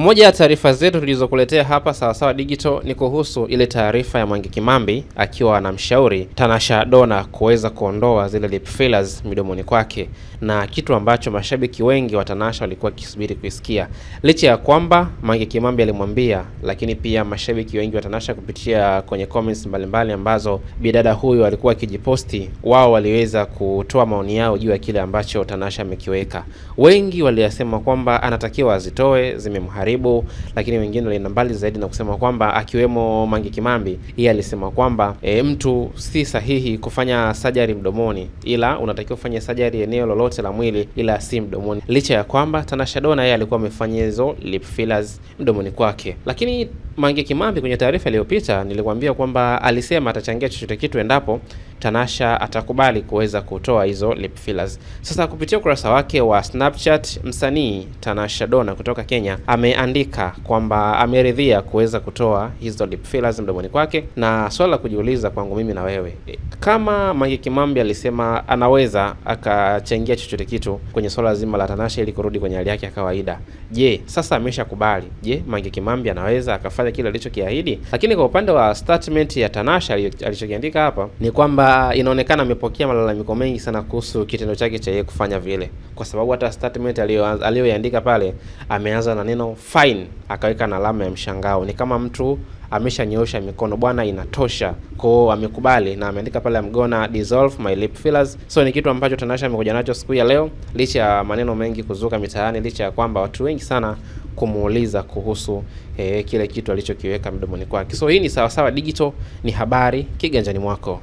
Moja ya taarifa zetu tulizokuletea hapa Sawasawa Digital ni kuhusu ile taarifa ya Mwangi Kimambi akiwa anamshauri Tanasha Dona kuweza kuondoa zile lip fillers midomoni kwake, na kitu ambacho mashabiki wengi wa Tanasha walikuwa wakisubiri kuisikia, licha ya kwamba Mwangi Kimambi alimwambia, lakini pia mashabiki wengi wa Tanasha kupitia kwenye comments mbalimbali ambazo bidada huyu alikuwa akijiposti, wao waliweza kutoa maoni yao juu ya kile ambacho Tanasha amekiweka. Wengi waliyasema kwamba anatakiwa azitoe, zimemharibu karibu, lakini wengine walienda mbali zaidi na kusema kwamba akiwemo Mange Kimambi, yeye alisema kwamba e, mtu si sahihi kufanya sajari mdomoni, ila unatakiwa ufanye sajari eneo lolote la mwili, ila si mdomoni, licha ya kwamba Tanasha Dona yeye alikuwa amefanya hizo lip fillers mdomoni kwake, lakini Mange Kimambi kwenye taarifa iliyopita nilikwambia kwamba alisema atachangia chochote kitu endapo Tanasha atakubali kuweza kutoa hizo lip fillers. Sasa kupitia ukurasa wake wa Snapchat, msanii Tanasha Dona kutoka Kenya ameandika kwamba ameridhia kuweza kutoa hizo lip fillers mdomoni kwake, na swala la kujiuliza kwangu mimi na wewe, kama Mange Kimambi alisema anaweza akachangia chochote kitu kwenye swala zima la Tanasha ili kurudi kwenye hali yake ya kawaida, je, sasa ameshakubali? Je, Mange Kimambi anaweza akafanya pale kile alichokiahidi. Lakini kwa upande wa statement ya Tanasha alichokiandika hapa ni kwamba inaonekana amepokea malalamiko mengi sana kuhusu kitendo chake cha yeye kufanya vile, kwa sababu hata statement aliyoiandika pale ameanza na neno fine, akaweka na alama ya mshangao, ni kama mtu ameshanyoosha mikono, bwana, inatosha. Kwao amekubali na ameandika pale, amgona dissolve my lip fillers. So ni kitu ambacho Tanasha amekuja nacho siku ya leo, licha ya maneno mengi kuzuka mitaani, licha ya kwamba watu wengi sana kumuuliza kuhusu eh, kile kitu alichokiweka mdomoni kwake. So hii ni Sawasawa Digital, ni habari kiganjani mwako.